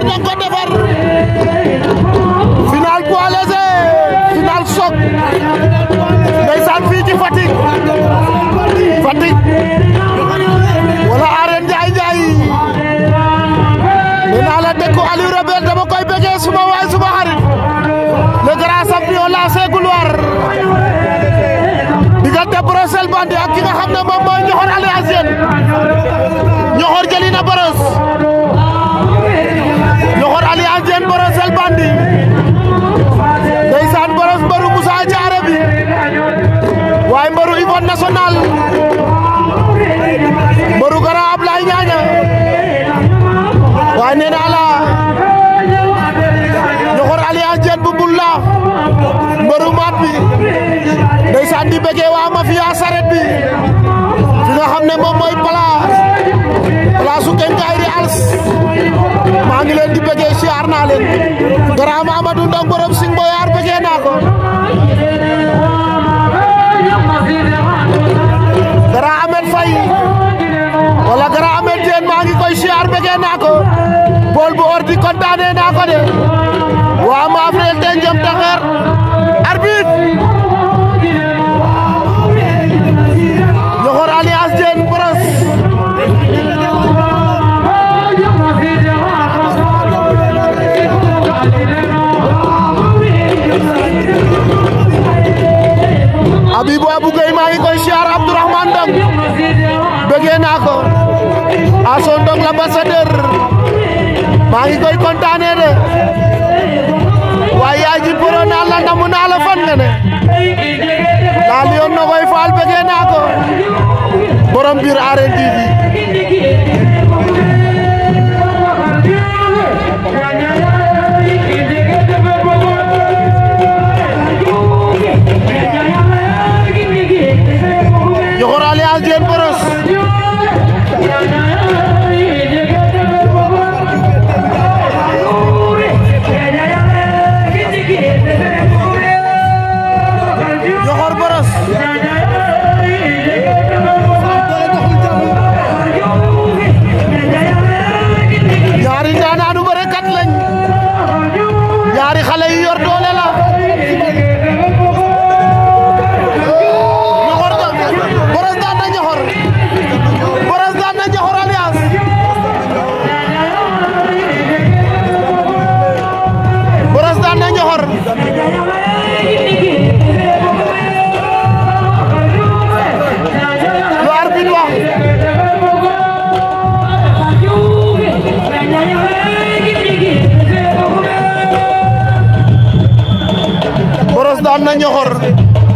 Senghor da ko defar final poids léger final choc ndeysaan fii ci wala arène Ndiaye Ndiaye nee naa la dëkku Aliou dama koy bëggee suma waay suma xarit le grand champion lancé couloir diggante Brossel Bandit ak ki nga xam ne moom mooy Niokhor Alias bandi ndeysaan boros mbaru Moussa Diarra bi waaye mbaru Yvonne national mbaru gara Ablaye Ñaña waaye nee naa la ñoxor Alliance Diène bu bul la mbaru maat bi ndeysaan di bëggee waa mafia saret bi fi xam ne moom mooy leen Grand Amadou Ndong borom Sing Boyar bëggee naa ko Grand Amet Faye wala Grand Amet Diène maa ngi koy siyaar bëggee naa ko bool bu ordi kontaanee naa ko de waa Mafrel te njëm Dakar Habibou Abou Gueye maa ngi koy siyaar Abdourahmane Dong bëggee naa ko aso Ndong l'ambassadeur maa ngi koy kontaanee de waaye yaay ji boro naa la namu naa la fan nga ne laal yoon na koy faal bëggee naa ko borom biir arène TV Brosse daan na Ñoxor